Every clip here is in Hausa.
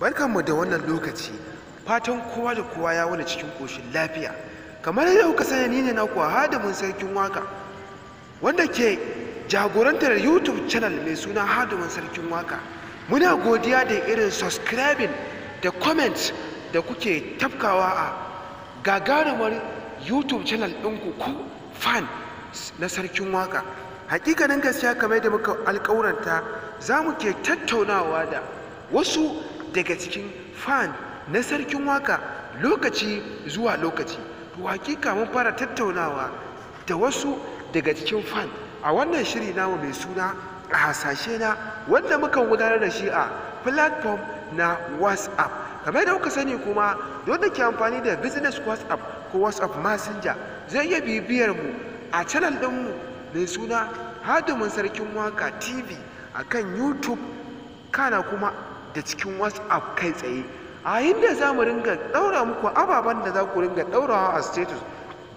barkanmu da wannan lokaci fatan kowa da kowa ya wani cikin koshin lafiya kamar yadda kuka sani ni ne naku hadamin sarkin waka wanda ke jagorantar youtube channel mai suna hadamin sarkin waka muna godiya da irin subscribing da comment da kuke tafkawa a gagarumar youtube channel ɗinku ku fan na sarkin waka hakikanin gaskiya kamar da muka alkawuranta za mu ke tattaunawa da wasu daga cikin fan na sarkin waka lokaci zuwa lokaci to hakika mun fara tattaunawa da wasu daga cikin fan a wannan shiri namu mai suna a hasashe na wanda muka gudanar da shi a platform na whatsapp kamar da kuka sani kuma don da ke amfani da business whatsapp ko whatsapp messenger zai iya bibiyar mu a channel dinmu mai suna hadumin sarkin waka tv akan youtube kana kuma da cikin whatsapp kai tsaye a inda za mu ringa ɗaura muku ababen da za ku ringa ɗaura a status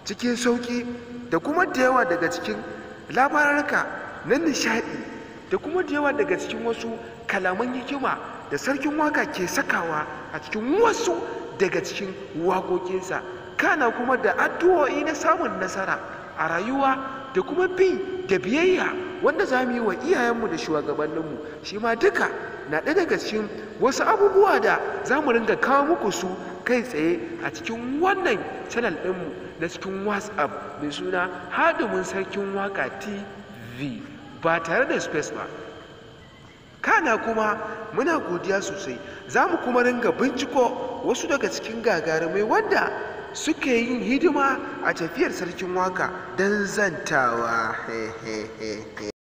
cikin sauƙi da kuma da yawa daga cikin labararka na nishaɗi da kuma da yawa daga cikin wasu kalaman hikima da sarkin waka ke sakawa a cikin wasu daga cikin waƙoƙinsa kana kuma da addu'o'i na samun nasara a rayuwa da kuma bi da biyayya wanda za mu yi wa iyayenmu da shugabanninmu shi ma duka na ɗaya daga cikin wasu abubuwa da za mu ringa kawo muku su kai tsaye a cikin wannan channel ɗinmu na cikin whatsapp mai suna hadumin sarkin waka tv ba tare da space ba kana kuma muna godiya sosai za mu kuma ringa binciko wasu daga cikin gagarumai wanda suke yin hidima a tafiyar sarkin waka don zantawa